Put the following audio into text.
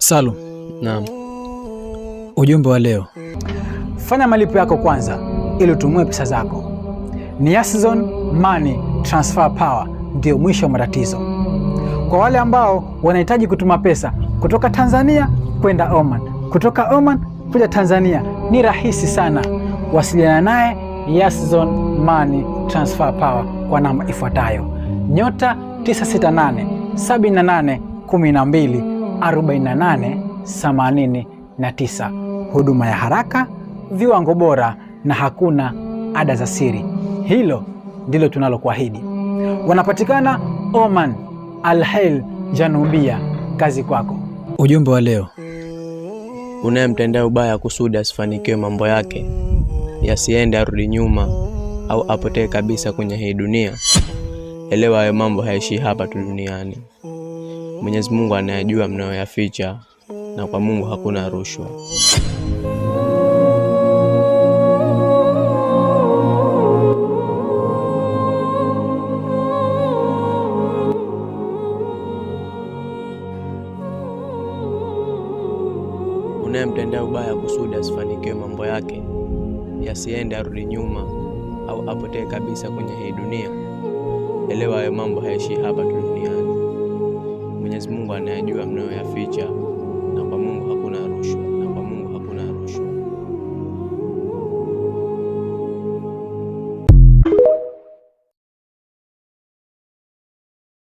Salum. Naam. Ujumbe wa leo, fanya malipo yako kwanza ili utumue pesa zako. Ni Azon Money Transfer Power ndio mwisho wa matatizo. Kwa wale ambao wanahitaji kutuma pesa kutoka Tanzania kwenda Oman, kutoka Oman kuja Tanzania ni rahisi sana. Wasiliana naye Azon Money Transfer Power kwa namba ifuatayo: nyota 968 78 12 4889, huduma ya haraka, viwango bora na hakuna ada za siri. Hilo ndilo tunalokuahidi. Wanapatikana Oman, alhail Janubia. Kazi kwako. Ujumbe wa leo unayemtendea ubaya kusudi asifanikiwe mambo yake, yasiende arudi nyuma au apotee kabisa kwenye hii dunia, elewa hayo mambo haishi hapa tu duniani. Mwenyezi Mungu anayajua mnayoyaficha, na kwa Mungu hakuna rushwa. Unayemtendea ubaya kusudi asifanikiwe mambo yake, yasiende arudi nyuma au apotee kabisa kwenye hii dunia, elewa hayo mambo hayaishi hapa tu duniani. Mwenyezi Mungu anayajua mnayoyaficha, na kwa Mungu hakuna rushwa.